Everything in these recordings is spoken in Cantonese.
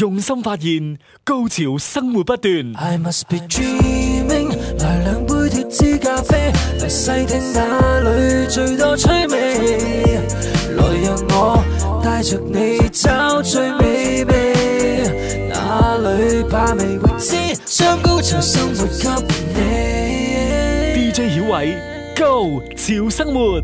用心發現高潮生活不斷。I must be dreaming，來兩杯鐵脂咖啡，來細聽邊度最多趣味，來讓我帶著你搵最美味，邊度怕未會知，將高潮生活俾你。DJ 曉偉，Go 潮生活。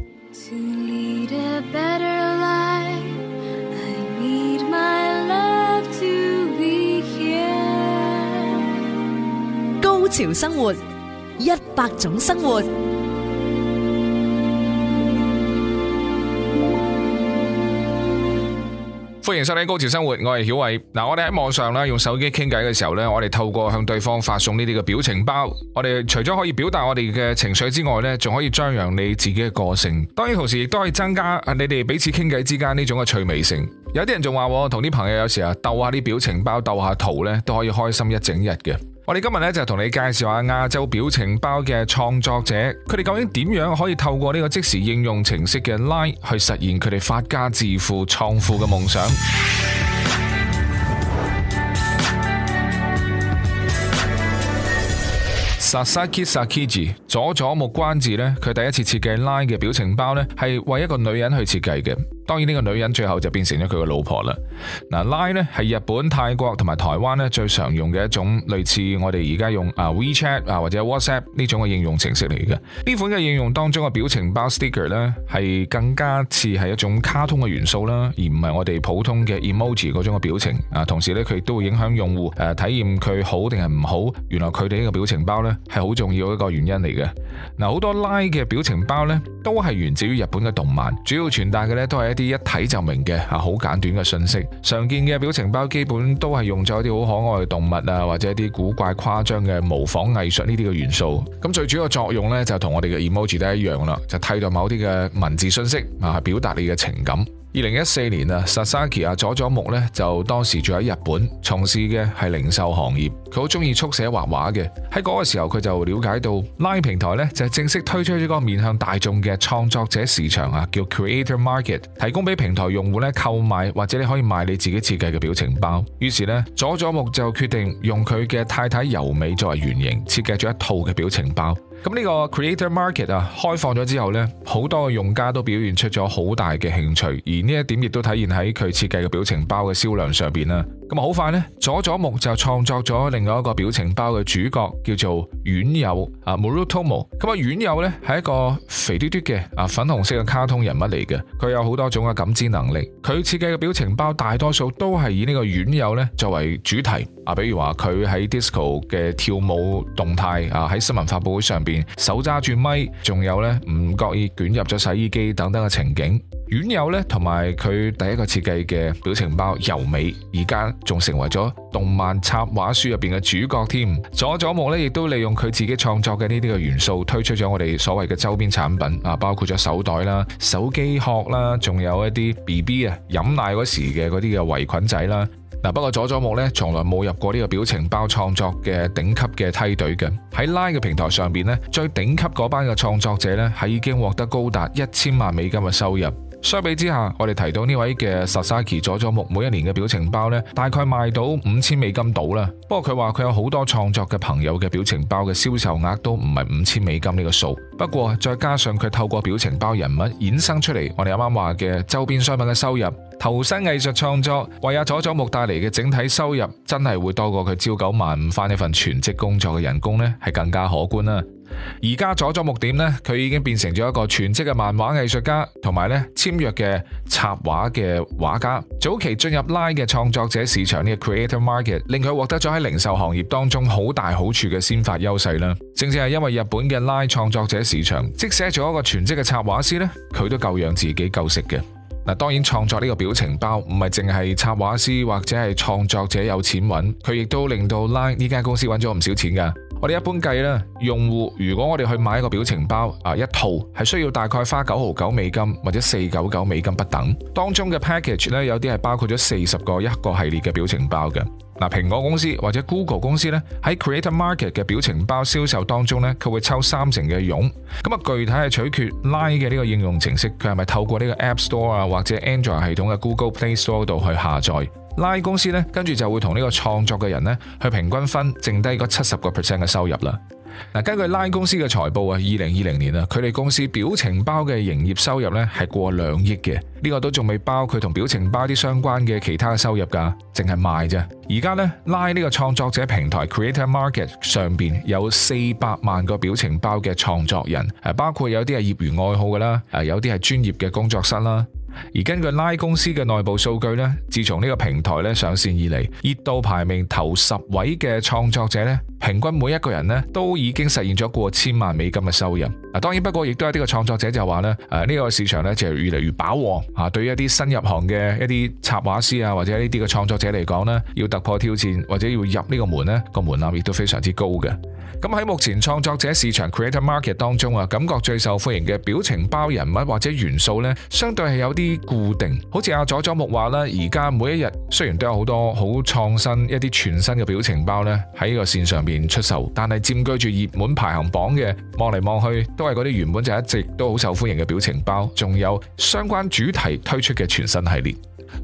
潮生活，一百種生活。歡迎收聽《高潮生活》，我曉偉 Now，我，我係曉慧。嗱，我哋喺網上咧，用手機傾偈嘅時候咧，我哋透過向對方發送呢啲嘅表情包，我哋除咗可以表達我哋嘅情緒之外咧，仲可以張揚你自己嘅個性。當然，同時亦都可以增加你哋彼此傾偈之間呢種嘅趣味性。有啲人仲話，我同啲朋友有時啊鬥下啲表情包，鬥下圖咧，都可以開心一整日嘅。我哋今日咧就同你介紹下亞洲表情包嘅創作者，佢哋究竟點樣可以透過呢個即時應用程式嘅 Line 去實現佢哋發家致富、創富嘅夢想？Sasaki Sakiji 佐佐木關治呢，佢第一次設計 Line 嘅表情包呢，係為一個女人去設計嘅。當然呢個女人最後就變成咗佢個老婆啦。嗱，LINE 呢係日本、泰國同埋台灣咧最常用嘅一種類似我哋而家用啊 WeChat 啊或者 WhatsApp 呢種嘅應用程式嚟嘅。呢款嘅應用當中嘅表情包 sticker 呢，係更加似係一種卡通嘅元素啦，而唔係我哋普通嘅 emoji 嗰種嘅表情。啊，同時呢，佢都會影響用戶誒體驗佢好定係唔好。原來佢哋呢個表情包呢，係好重要一個原因嚟嘅。嗱，好多 LINE 嘅表情包呢，都係源自於日本嘅動漫，主要傳達嘅呢都係。一啲一睇就明嘅啊，好簡短嘅信息，常見嘅表情包基本都係用咗一啲好可愛嘅動物啊，或者一啲古怪誇張嘅模仿藝術呢啲嘅元素。咁最主要嘅作用呢，就同我哋嘅 emoji 都係一樣啦，就替代某啲嘅文字信息啊，去表達你嘅情感。二零一四年啊 Sasaki 啊佐佐木咧就當時住喺日本，從事嘅係零售行業。佢好中意速寫畫畫嘅，喺嗰個時候佢就了解到 LINE 平台咧就正式推出一個面向大眾嘅創作者市場啊，叫 Creator Market，提供俾平台用戶咧購買或者你可以賣你自己設計嘅表情包。於是咧佐佐木就決定用佢嘅太太由美作為原型，設計咗一套嘅表情包。咁呢個 Creator Market 啊，開放咗之後咧，好多嘅用家都表現出咗好大嘅興趣，而呢一點亦都體現喺佢設計嘅表情包嘅銷量上邊啦。咁好快呢，佐佐木就創作咗另外一個表情包嘅主角，叫做丸友啊，Marutomo。咁啊，丸友呢係一個肥嘟嘟嘅啊粉紅色嘅卡通人物嚟嘅，佢有好多種嘅感知能力。佢設計嘅表情包大多數都係以呢個丸友呢作為主題啊，比如話佢喺 disco 嘅跳舞動態啊，喺新聞發佈會上邊手揸住咪，仲有呢唔覺意捲入咗洗衣機等等嘅情景。丸友呢，同埋佢第一個設計嘅表情包柔美，而家仲成為咗動漫插畫書入邊嘅主角添，佐佐木呢亦都利用佢自己創作嘅呢啲嘅元素，推出咗我哋所謂嘅周邊產品啊，包括咗手袋啦、手機殼啦，仲有一啲 BB 啊，飲奶嗰時嘅嗰啲嘅圍裙仔啦。嗱，不過佐佐木呢從來冇入過呢個表情包創作嘅頂級嘅梯隊嘅。喺 Line 嘅平台上邊呢，最頂級嗰班嘅創作者呢係已經獲得高達一千萬美金嘅收入。相比之下，我哋提到呢位嘅 Sasaki 佐佐木每一年嘅表情包呢，大概賣到五千美金度啦。不過佢話佢有好多創作嘅朋友嘅表情包嘅銷售額都唔係五千美金呢個數。不過再加上佢透過表情包人物衍生出嚟，我哋啱啱話嘅周邊商品嘅收入，投身藝術創作為阿佐佐木帶嚟嘅整體收入，真係會多過佢朝九晚五返呢份全職工作嘅人工呢，係更加可觀啦。而家左左木佐佐木點呢？佢已經變成咗一個全職嘅漫畫藝術家，同埋咧簽約嘅插畫嘅畫家。早期進入 LINE 嘅創作者市場呢個 creator market，令佢獲得咗喺零售行業當中好大好處嘅先發優勢啦。正正係因為日本嘅 LINE 創作者市場，即寫咗一個全職嘅插畫師呢，佢都夠讓自己夠食嘅。嗱，當然創作呢個表情包唔係淨係插畫師或者係創作者有錢揾，佢亦都令到 LINE 呢間公司揾咗唔少錢噶。我哋一般計咧，用戶如果我哋去買一個表情包啊，一套係需要大概花九毫九美金或者四九九美金不等。當中嘅 package 咧，有啲係包括咗四十個一個系列嘅表情包嘅。嗱，蘋果公司或者 Google 公司咧，喺 Creator Market 嘅表情包銷售當中咧，佢會抽三成嘅傭。咁啊，具體係取決 Line 嘅呢個應用程式，佢係咪透過呢個 App Store 啊或者 Android 系統嘅 Google Play Store 度去下載？Line 公司咧，跟住就會同呢個創作嘅人咧，去平均分剩低嗰七十個 percent 嘅收入啦。嗱，根據 Line 公司嘅財報啊，二零二零年啊，佢哋公司表情包嘅營業收入咧係過兩億嘅，呢、這個都仲未包佢同表情包啲相關嘅其他收入噶，淨係賣啫。而家咧，Line 呢個創作者平台 Creator Market 上邊有四百萬個表情包嘅創作人，誒，包括有啲係業餘愛好噶啦，誒，有啲係專業嘅工作室啦。而根據拉公司嘅內部數據咧，自從呢個平台咧上線以嚟，熱度排名頭十位嘅創作者咧，平均每一個人咧都已經實現咗過千萬美金嘅收入。嗱，當然不過亦都有啲個創作者就話咧，誒、這、呢個市場咧就越嚟越飽和，吓對於一啲新入行嘅一啲插畫師啊，或者呢啲嘅創作者嚟講咧，要突破挑戰或者要入呢個門咧，個門檻亦都非常之高嘅。咁喺目前創作者市場 Creator Market 當中啊，感覺最受歡迎嘅表情包人物或者元素呢，相對係有啲固定，好似阿佐佐木話啦，而家每一日雖然都有好多好創新一啲全新嘅表情包呢喺呢個線上面出售，但係佔據住熱門排行榜嘅望嚟，望去都係嗰啲原本就一直都好受歡迎嘅表情包，仲有相關主題推出嘅全新系列。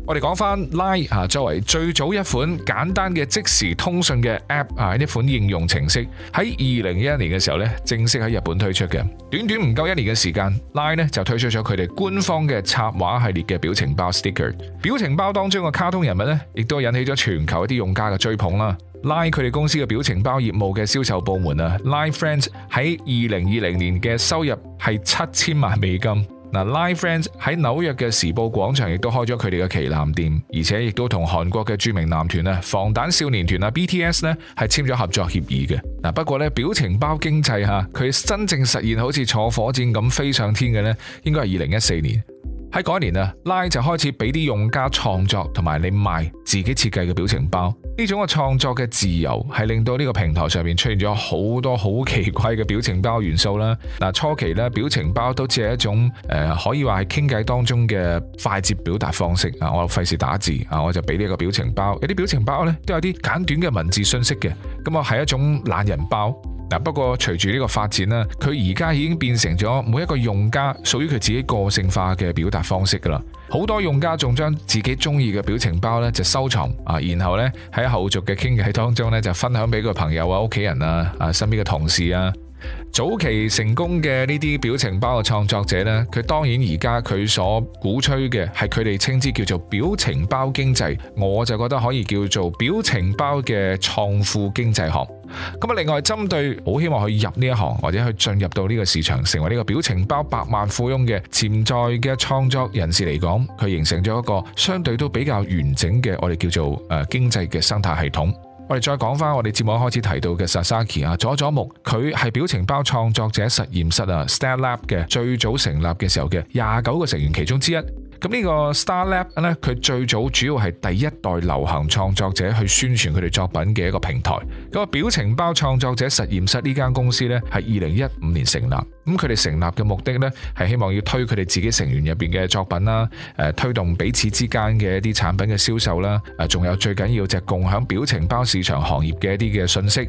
我哋講翻 Line 啊，作為最早一款簡單嘅即時通訊嘅 App 啊，呢款應用程式喺二零一一年嘅時候咧，正式喺日本推出嘅。短短唔夠一年嘅時間，Line 咧就推出咗佢哋官方嘅插畫系列嘅表情包 Sticker。表情包當中嘅卡通人物咧，亦都引起咗全球一啲用家嘅追捧啦。Line 佢哋公司嘅表情包業務嘅銷售部門啊，Line Friends 喺二零二零年嘅收入係七千萬美金。嗱，Line Friends 喺紐約嘅時報廣場亦都開咗佢哋嘅旗艦店，而且亦都同韓國嘅著名男團啊防彈少年團啊 BTS 咧係簽咗合作協議嘅。嗱，不過咧表情包經濟下，佢真正實現好似坐火箭咁飛上天嘅咧，應該係二零一四年。喺嗰年啊，LINE 就開始俾啲用家創作同埋你賣自己設計嘅表情包呢種嘅創作嘅自由係令到呢個平台上面出現咗好多好奇怪嘅表情包元素啦。嗱，初期咧表情包都只係一種誒、呃，可以話係傾偈當中嘅快捷表達方式啊。我費事打字啊，我就俾呢一個表情包。有啲表情包呢，都有啲簡短嘅文字信息嘅，咁啊係一種懶人包。嗱，不過隨住呢個發展咧，佢而家已經變成咗每一個用家屬於佢自己個性化嘅表達方式噶啦，好多用家仲將自己中意嘅表情包呢就收藏啊，然後呢，喺後續嘅傾偈當中呢，就分享俾佢朋友啊、屋企人啊、啊身邊嘅同事啊。早期成功嘅呢啲表情包嘅創作者呢，佢當然而家佢所鼓吹嘅係佢哋稱之叫做表情包經濟，我就覺得可以叫做表情包嘅創富經濟學。咁啊！另外，針對好希望去入呢一行，或者去進入到呢個市場，成為呢個表情包百萬富翁嘅潛在嘅創作人士嚟講，佢形成咗一個相對都比較完整嘅我哋叫做誒、呃、經濟嘅生態系統。我哋再講返我哋節目開始提到嘅 Sasaki 啊，佐佐木，佢係表情包創作者實驗室啊，Stan Lab 嘅最早成立嘅時候嘅廿九個成員其中之一。咁呢個 StarLab 咧，佢最早主要係第一代流行創作者去宣傳佢哋作品嘅一個平台。嗰個表情包創作者實驗室呢間公司咧，喺二零一五年成立。咁佢哋成立嘅目的咧，係希望要推佢哋自己成員入邊嘅作品啦，誒推動彼此之間嘅一啲產品嘅銷售啦，誒仲有最緊要就係共享表情包市場行業嘅一啲嘅信息。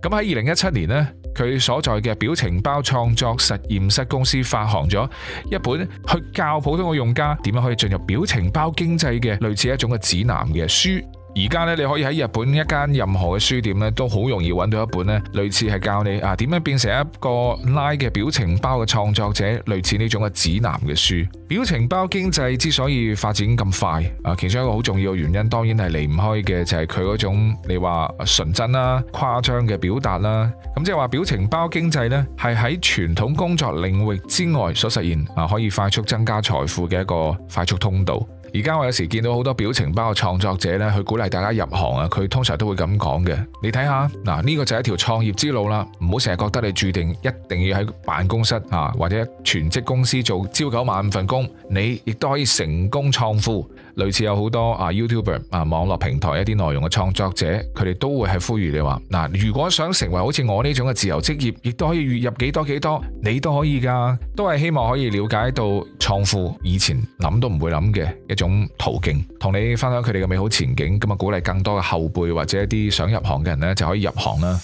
咁喺二零一七年呢，佢所在嘅表情包創作實驗室公司發行咗一本去教普通嘅用家點樣可以進入表情包經濟嘅類似一種嘅指南嘅書。而家咧，你可以喺日本一間任何嘅書店咧，都好容易揾到一本咧，類似係教你啊點樣變成一個 LINE 嘅表情包嘅創作者，類似呢種嘅指南嘅書。表情包經濟之所以發展咁快啊，其中一個好重要嘅原因，當然係離唔開嘅就係佢嗰種你話純真啦、誇張嘅表達啦。咁即係話表情包經濟咧，係喺傳統工作領域之外所實現啊，可以快速增加財富嘅一個快速通道。而家我有時見到好多表情包嘅創作者咧，去鼓勵大家入行啊。佢通常都會咁講嘅，你睇下嗱，呢個就係一條創業之路啦。唔好成日覺得你注定一定要喺辦公室啊，或者全職公司做朝九晚五份工，你亦都可以成功創富。類似有好多啊 YouTuber 啊網絡平台一啲內容嘅創作者，佢哋都會係呼籲你話：嗱，如果想成為好似我呢種嘅自由職業，亦都可以月入幾多幾多，你都可以噶，都係希望可以了解到創富以前諗都唔會諗嘅一種途徑，同你分享佢哋嘅美好前景咁啊，鼓勵更多嘅後輩或者一啲想入行嘅人呢，就可以入行啦。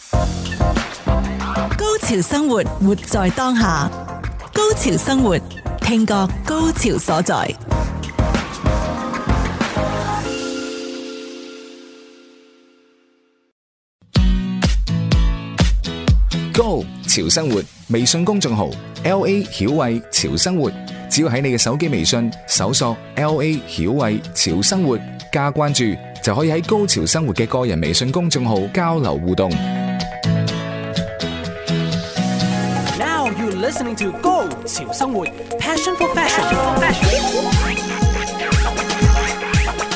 高潮生活，活在當下。高潮生活，聽覺高潮所在。潮生活微信公眾號 LA 曉慧潮生活，只要喺你嘅手機微信搜索 LA 曉慧潮生活加關注，就可以喺高潮生活嘅個人微信公眾號交流互動。Now you listening to 高潮生活，Passion for fashion。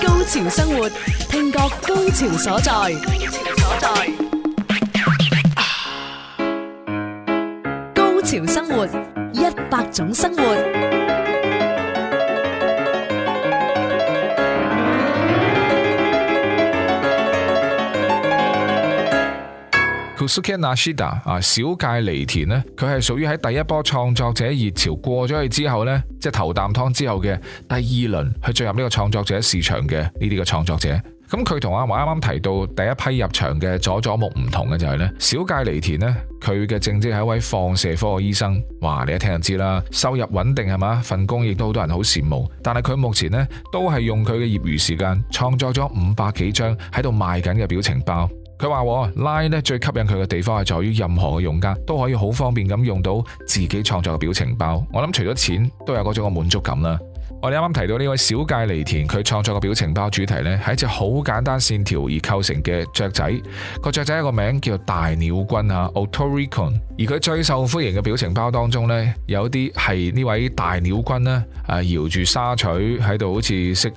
高潮生活，聽覺高潮所在。潮生活，一百種生活。Kusuke Nishida 啊，小界離田咧，佢係屬於喺第一波創作者熱潮過咗去之後呢，即係頭啖湯之後嘅第二輪去進入呢個創作者市場嘅呢啲嘅創作者。咁佢同阿華啱啱提到第一批入場嘅佐佐木唔同嘅就係呢。小介尼田呢，佢嘅正職係一位放射科嘅醫生。哇，你一聽就知啦，收入穩定係嘛，份工亦都好多人好羨慕。但係佢目前呢，都係用佢嘅業餘時間創作咗五百幾張喺度賣緊嘅表情包。佢話喎，LINE 呢最吸引佢嘅地方係在於任何嘅用家都可以好方便咁用到自己創作嘅表情包。我諗除咗錢，都有嗰種嘅滿足感啦。我哋啱啱提到呢位小界離田，佢創作嘅表情包主題咧，係一隻好簡單線條而構成嘅雀仔。個雀仔一個名叫大鳥君啊，Otaricon。而佢最受歡迎嘅表情包當中咧，有啲係呢位大鳥君咧啊搖住沙錘喺度，好似識誒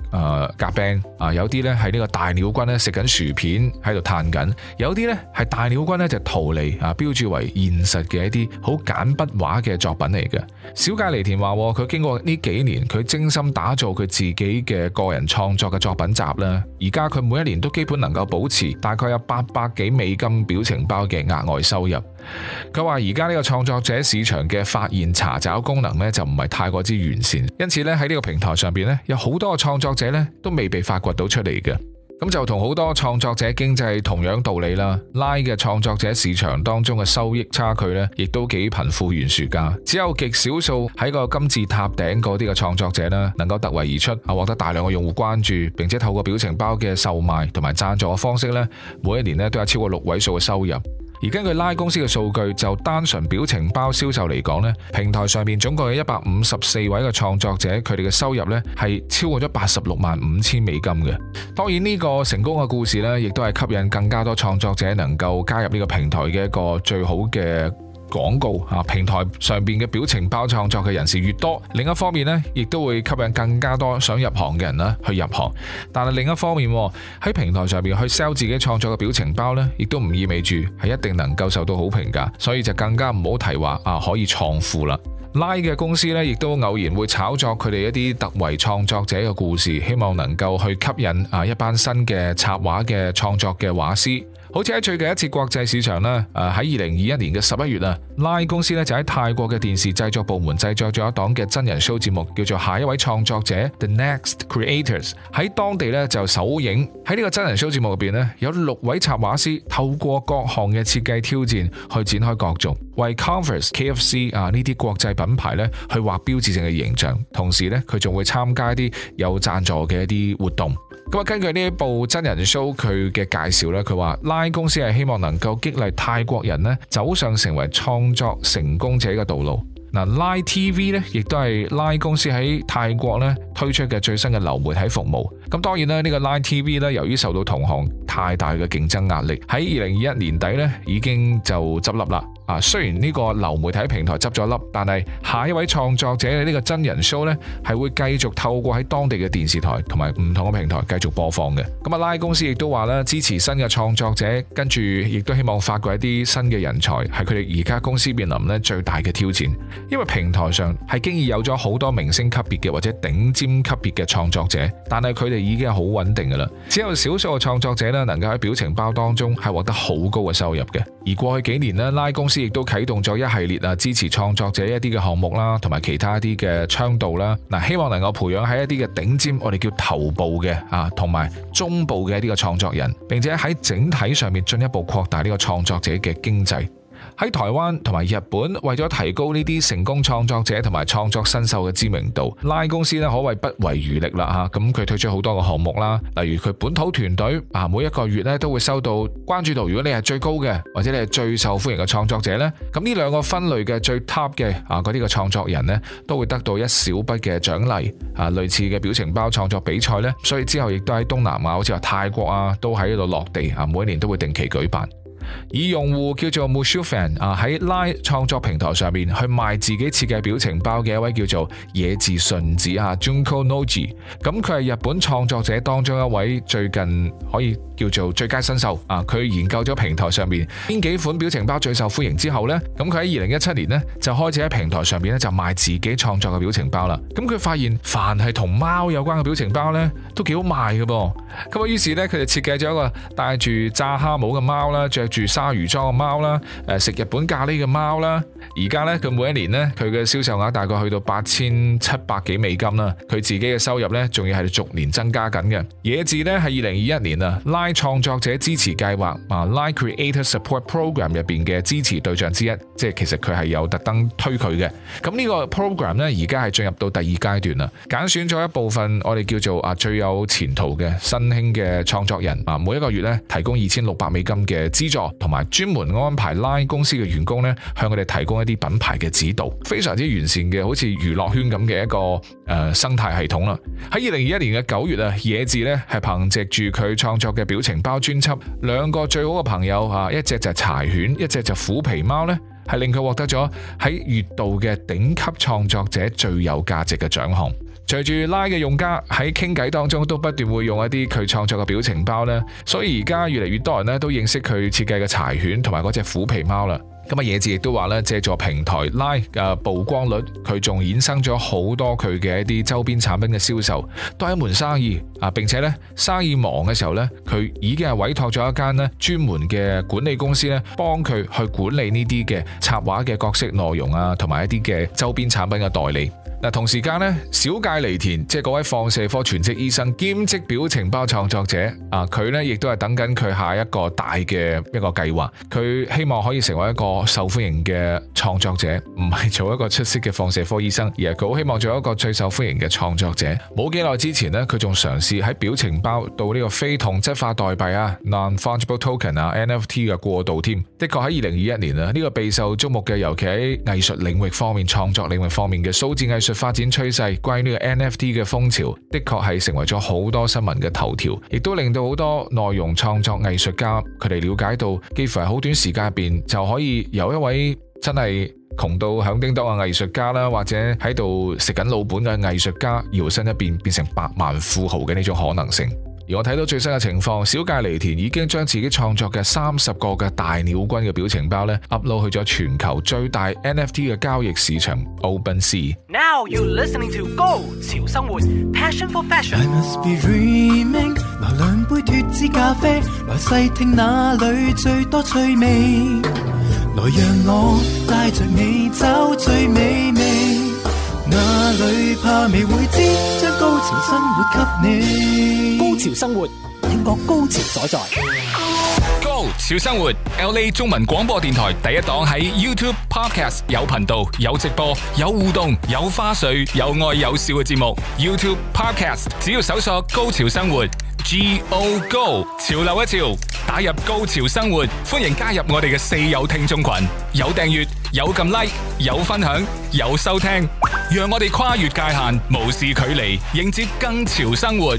夾餅啊；呃、有啲咧係呢個大鳥君咧食緊薯片喺度嘆緊；有啲咧係大鳥君咧就逃、是、離啊，標注為現實嘅一啲好簡筆畫嘅作品嚟嘅。小界離田話佢經過呢幾年，佢精。心打造佢自己嘅個人創作嘅作品集啦，而家佢每一年都基本能夠保持大概有八百幾美金表情包嘅額外收入。佢話而家呢個創作者市場嘅發現查找功能呢，就唔係太過之完善，因此呢，喺呢個平台上邊呢，有好多個創作者呢，都未被發掘到出嚟嘅。咁就同好多創作者經濟同樣道理啦，LINE 嘅創作者市場當中嘅收益差距呢，亦都幾貧富懸殊噶，只有極少數喺個金字塔頂嗰啲嘅創作者呢，能夠突圍而出，啊，獲得大量嘅用戶關注，並且透過表情包嘅售賣同埋贊助嘅方式呢，每一年呢，都有超過六位數嘅收入。而根據拉公司嘅數據，就單純表情包銷售嚟講呢，平台上面總共有一百五十四位嘅創作者，佢哋嘅收入呢，係超過咗八十六萬五千美金嘅。當然呢個成功嘅故事呢，亦都係吸引更加多創作者能夠加入呢個平台嘅一個最好嘅廣告啊，平台上邊嘅表情包創作嘅人士越多，另一方面呢，亦都會吸引更加多想入行嘅人啦去入行。但係另一方面喺、哦、平台上面去 sell 自己創作嘅表情包呢，亦都唔意味住係一定能夠受到好評㗎，所以就更加唔好提話啊可以創富啦。拉嘅公司呢，亦都偶然會炒作佢哋一啲特為創作者嘅故事，希望能夠去吸引啊一班新嘅插畫嘅創作嘅畫師。好似喺最近一次國際市場咧，誒喺二零二一年嘅十一月啊，LINE 公司咧就喺泰國嘅電視製作部門製作咗一檔嘅真人 show 節目，叫做《下一位創作者 The Next Creators》，喺當地咧就首映。喺呢個真人 show 節目入邊咧，有六位插畫師透過各項嘅設計挑戰去展開角逐，為 Converse、啊、KFC 啊呢啲國際品牌咧去畫標誌性嘅形象，同時咧佢仲會參加啲有贊助嘅一啲活動。咁啊，根據呢一部真人 show 佢嘅介紹咧，佢話 LINE 公司係希望能夠激勵泰國人咧走上成為創作成功者嘅道路。嗱，LINE TV 咧亦都係 LINE 公司喺泰國咧推出嘅最新嘅流媒體服務。咁當然啦，呢個 Line TV 呢，由於受到同行太大嘅競爭壓力，喺二零二一年底呢已經就執笠啦。啊，雖然呢個流媒體平台執咗笠，但係下一位創作者呢個真人 show 呢，係會繼續透過喺當地嘅電視台同埋唔同嘅平台繼續播放嘅。咁啊，Line 公司亦都話咧，支持新嘅創作者，跟住亦都希望發掘一啲新嘅人才，係佢哋而家公司面臨呢最大嘅挑戰，因為平台上係經已有咗好多明星級別嘅或者頂尖級別嘅創作者，但係佢哋，已經係好穩定噶啦，只有少數嘅創作者咧，能夠喺表情包當中係獲得好高嘅收入嘅。而過去幾年咧，拉公司亦都啟動咗一系列啊支持創作者一啲嘅項目啦，同埋其他一啲嘅倡導啦，嗱，希望能夠培養喺一啲嘅頂尖，我哋叫頭部嘅啊，同埋中部嘅一啲嘅創作人，並且喺整體上面進一步擴大呢個創作者嘅經濟。喺台灣同埋日本，為咗提高呢啲成功創作者同埋創作新秀嘅知名度，LINE 公司呢可謂不遺餘力啦嚇。咁佢推出好多個項目啦，例如佢本土團隊啊，每一個月咧都會收到關注度。如果你係最高嘅，或者你係最受歡迎嘅創作者呢，咁呢兩個分類嘅最 top 嘅啊，嗰啲個創作人呢，都會得到一小筆嘅獎勵啊。類似嘅表情包創作比賽呢，所以之後亦都喺東南亞，好似話泰國啊，都喺度落地啊，每年都會定期舉辦。以用戶叫做 MushuFan 啊喺 Line 創作平台上面去賣自己設計表情包嘅一位叫做野治順子啊 Junko Nogi，咁佢係日本創作者當中一位最近可以叫做最佳新秀。啊，佢研究咗平台上面邊幾款表情包最受歡迎之後呢，咁佢喺二零一七年呢，就開始喺平台上面咧就賣自己創作嘅表情包啦。咁佢發現凡係同貓有關嘅表情包呢，都幾好賣嘅噃，咁啊於是呢，佢就設計咗一個戴住炸蝦帽嘅貓啦，住鯊魚莊嘅貓啦，誒食日本咖喱嘅貓啦。而家咧，佢每一年咧，佢嘅銷售額大概去到八千七百幾美金啦。佢自己嘅收入咧，仲要係逐年增加緊嘅。野治咧，係二零二一年啊，LINE 創作者支持計劃啊，LINE Creator Support Program 入邊嘅支持對象之一，即係其實佢係有特登推佢嘅。咁呢個 program 咧，而家係進入到第二階段啦，揀選咗一部分我哋叫做啊最有前途嘅新興嘅創作人啊，每一個月咧提供二千六百美金嘅資助，同埋專門安排 LINE 公司嘅員工咧向佢哋提供。一啲品牌嘅指導非常之完善嘅，好似娛樂圈咁嘅一個誒、呃、生態系統啦。喺二零二一年嘅九月啊，野治咧係憑藉住佢創作嘅表情包專輯《兩個最好嘅朋友》啊，一隻就係柴犬，一隻就虎皮貓呢，係令佢獲得咗喺月度嘅頂級創作者最有價值嘅獎項。隨住拉嘅用家喺傾偈當中都不斷會用一啲佢創作嘅表情包呢。所以而家越嚟越多人呢都認識佢設計嘅柴犬同埋嗰隻虎皮貓啦。咁啊！野治亦都話咧，藉助平台拉嘅曝光率，佢仲衍生咗好多佢嘅一啲周邊產品嘅銷售，都係一門生意啊！並且咧生意忙嘅時候呢，佢已經係委託咗一間咧專門嘅管理公司咧，幫佢去管理呢啲嘅插畫嘅角色內容啊，同埋一啲嘅周邊產品嘅代理。嗱，同時間咧，小界犁田即係嗰位放射科全職醫生兼職表情包創作者啊，佢呢亦都係等緊佢下一個大嘅一個計劃。佢希望可以成為一個受歡迎嘅創作者，唔係做一個出色嘅放射科醫生，而係佢好希望做一個最受歡迎嘅創作者。冇幾耐之前呢佢仲嘗試喺表情包到呢個非同質化代幣啊 （non-fungible token） 啊 （NFT） 嘅過渡添。的確喺二零二一年啊，呢、呢個備受注目嘅，尤其喺藝術領域方面、創作領域方面嘅數字藝術。發展趨勢關於呢個 NFT 嘅風潮，的確係成為咗好多新聞嘅頭條，亦都令到好多內容創作藝術家佢哋了解到，幾乎係好短時間入邊就可以由一位真係窮到響叮噹嘅藝術家啦，或者喺度食緊老本嘅藝術家，搖身一變變成百萬富豪嘅呢種可能性。而我睇到最新嘅情況，小介尼田已經將自己創作嘅三十個嘅大鳥君嘅表情包呢，upload 去咗全球最大 NFT 嘅交易市場 OpenSea。高潮生活，英國高潮所在。Go，潮生活，LA 中文廣播電台第一檔喺 YouTube Podcast 有頻道、有直播、有互動、有花絮、有愛有笑嘅節目。YouTube Podcast 只要搜索“高潮生活 ”，Go Go，潮流一潮，打入高潮生活，歡迎加入我哋嘅四友聽眾群，有訂閱。有咁 like，有分享，有收聽，讓我哋跨越界限，無視距離，迎接更潮生活。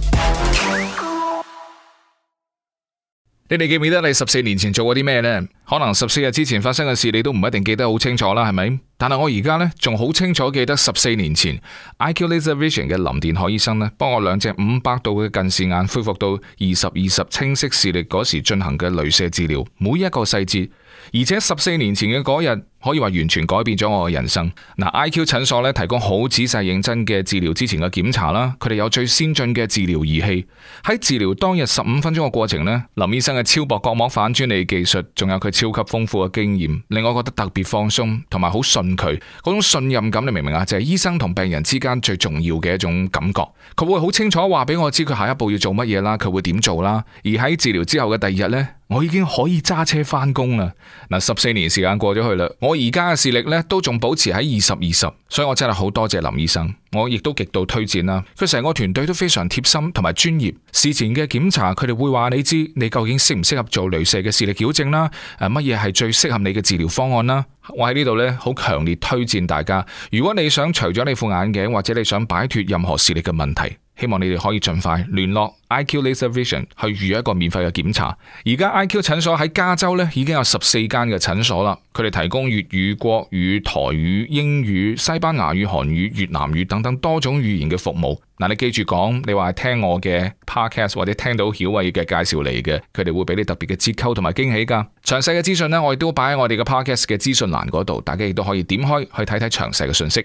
你哋記唔記得你十四年前做過啲咩呢？可能十四日之前發生嘅事，你都唔一定記得好清楚啦，係咪？但係我而家呢，仲好清楚記得十四年前，iQ Laser Vision 嘅林電海醫生呢，幫我兩隻五百度嘅近視眼恢復到二十二十清晰視力嗰時進行嘅鐳射治療，每一個細節，而且十四年前嘅嗰日。可以話完全改變咗我嘅人生。嗱，I.Q. 診所咧提供好仔細認真嘅治療，之前嘅檢查啦，佢哋有最先進嘅治療儀器。喺治療當日十五分鐘嘅過程咧，林醫生嘅超薄角膜反轉利技術，仲有佢超級豐富嘅經驗，令我覺得特別放鬆，同埋好信佢嗰種信任感。你明唔明啊？就係醫生同病人之間最重要嘅一種感覺。佢會好清楚話俾我知佢下一步要做乜嘢啦，佢會點做啦。而喺治療之後嘅第二日呢，我已經可以揸車翻工啦。嗱，十四年時間過咗去啦，我。而家嘅視力咧都仲保持喺二十二十，所以我真係好多謝林醫生，我亦都極度推薦啦。佢成個團隊都非常貼心同埋專業，事前嘅檢查佢哋會話你知你究竟適唔適合做鐳射嘅視力矯正啦，誒乜嘢係最適合你嘅治療方案啦。我喺呢度咧好強烈推薦大家，如果你想除咗你副眼鏡或者你想擺脫任何視力嘅問題。希望你哋可以盡快聯絡 IQ Laser Vision 去預約一個免費嘅檢查。而家 IQ 診所喺加州咧已經有十四間嘅診所啦，佢哋提供粵語、國語、台語、英語、西班牙語、韓語、越南語等等多種語言嘅服務。嗱，你記住講，你話聽我嘅 podcast 或者聽到曉偉嘅介紹嚟嘅，佢哋會俾你特別嘅折扣同埋驚喜㗎。詳細嘅資訊呢，我亦都擺喺我哋嘅 podcast 嘅資訊欄嗰度，大家亦都可以點開去睇睇詳細嘅信息。